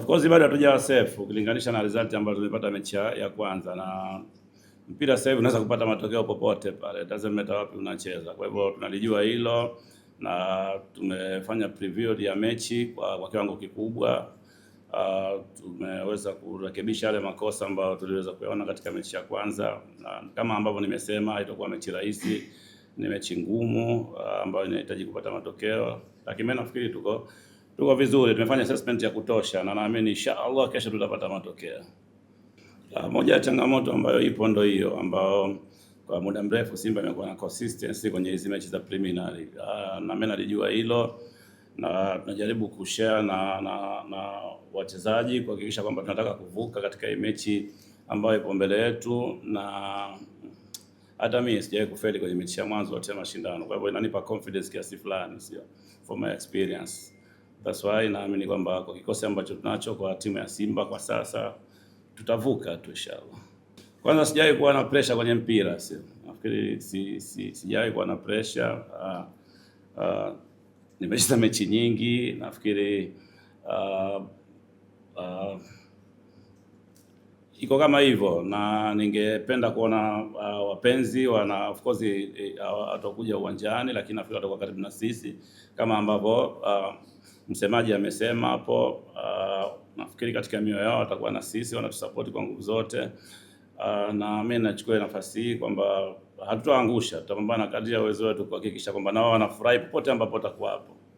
Of course bado hatujawa safe ukilinganisha na result ambayo tumepata mechi ya kwanza, na mpira sasa hivi unaweza kupata matokeo popote pale, doesn't matter wapi unacheza. Kwa hivyo tunalijua hilo na tumefanya preview ya mechi kwa, kwa kiwango kikubwa. Uh, tumeweza kurekebisha yale makosa ambayo tuliweza kuyaona katika mechi ya kwanza, na kama ambavyo nimesema, itakuwa mechi rahisi, ni mechi ngumu uh, ambayo inahitaji kupata matokeo, lakini mimi nafikiri tuko tuko vizuri, tumefanya assessment ya kutosha na naamini insha Allah kesho tutapata matokeo. Ah, moja ya changamoto ambayo ipo ndo hiyo ambao kwa muda mrefu Simba imekuwa na consistency kwenye hizi mechi za preliminary. Ah, na mimi nalijua hilo na tunajaribu kushare na, na, na wachezaji kuhakikisha kwamba tunataka kuvuka katika hii mechi ambayo ipo mbele yetu, na hata mimi sijawahi kufeli kwenye mechi ya mwanzo wa ya mashindano, kwa hivyo inanipa confidence kiasi fulani, sio for my experience. That's why naamini kwamba kwa kikosi ambacho tunacho kwa timu ya Simba kwa sasa tutavuka tu inshallah. Kwanza sijawahi kuwa na pressure kwenye mpira, nafikiri si, si, sijawahi kuwa na pressure uh, uh, nimecheza mechi nyingi nafikiri uh, uh, iko kama hivyo, na ningependa kuona uh, wapenzi wana of course eh, eh, watakuja uh, uwanjani, lakini nafikiri watakuwa karibu na sisi kama ambavyo uh, msemaji amesema hapo uh, nafikiri katika mioyo yao watakuwa na sisi, wanatusapoti kwa nguvu zote uh, na mimi nachukua nafasi hii kwamba hatutaangusha, tutapambana kadri ya uwezo wetu kuhakikisha kwamba nao wanafurahi popote ambapo watakuwa hapo.